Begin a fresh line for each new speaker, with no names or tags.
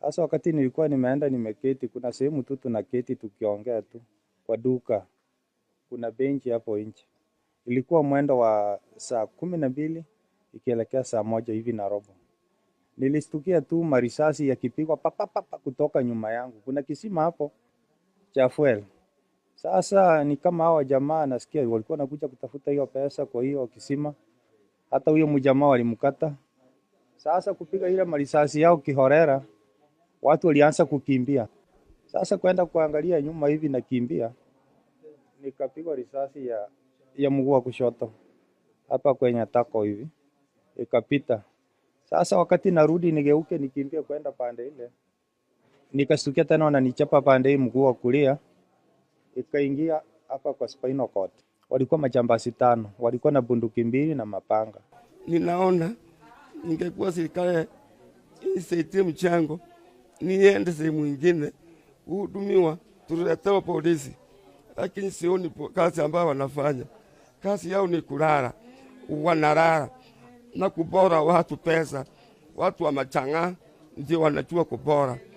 Sasa wakati nilikuwa nimeenda nimeketi, kuna sehemu tu tunaketi tukiongea tu kwa duka, kuna benchi hapo nje. Ilikuwa mwendo wa saa kumi na mbili ikielekea saa moja hivi na robo. Nilistukia tu marisasi yakipigwa papapapa kutoka nyuma yangu. Kuna kisima hapo cha fuel. Sasa ni kama hawa jamaa nasikia walikuwa nakuja kutafuta hiyo pesa kwa hiyo kisima. Hata huyo mjamaa walimkata. Sasa kupiga ile marisasi yao kihorera watu walianza kukimbia. Sasa kwenda kuangalia nyuma hivi nakimbia, nikapigwa risasi ya, ya mguu wa kushoto hapa kwenye tako hivi ikapita. Sasa wakati narudi nigeuke nikimbia kwenda pande ile, nikastukia tena wananichapa pande hii mguu wa kulia, ikaingia hapa kwa spinal cord. Walikuwa majambazi tano, walikuwa na bunduki mbili na mapanga.
Ninaona ningekuwa serikali isaidie mchango niende sehemu nyingine kuhudumiwa, tuletewa polisi. Lakini sioni kazi ambayo wanafanya. Kazi yao ni kulala, wanalala na kubora watu pesa. Watu wa machang'a ndio wanajua kubora.